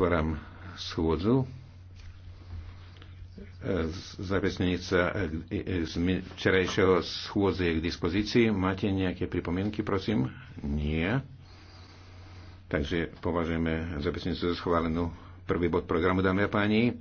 Otváram schôdzu. Zapisnica z včerajšieho schôdze je k dispozícii. Máte nejaké pripomienky, prosím? Nie. Takže považujeme zapisnicu za schválenú. Prvý bod programu, dámy a páni.